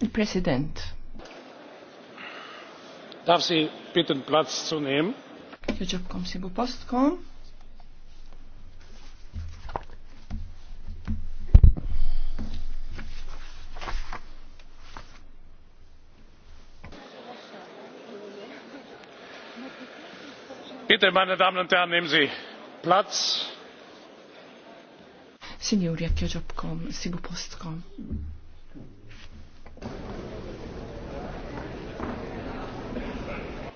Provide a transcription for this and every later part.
Il-President. Darf Sie bitten, Platz zu nehmen? bu post kom. Bitte, meine Damen und Herren, nehmen Sie Platz. Sinjur, jekk joġobkom, sibu postkom.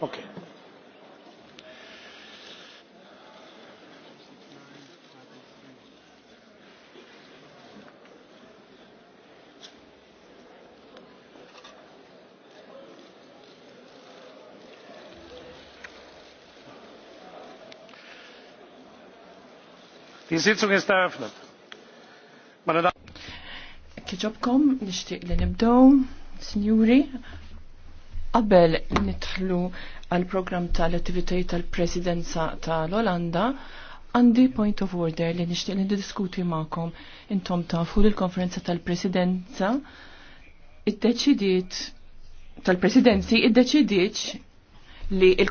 Ok. Die Sitzung ist eröffnet. Kħiġobkom, nishtiq li nibdow, signori, qabel nitħlu għal program tal-attivitajiet tal-presidenza tal-Olanda, għandi point of order li nishtiq li diskuti ma'kom intom fuq il konferenza tal-presidenza id-deċidiet tal-presidenzi id-deċidiet li il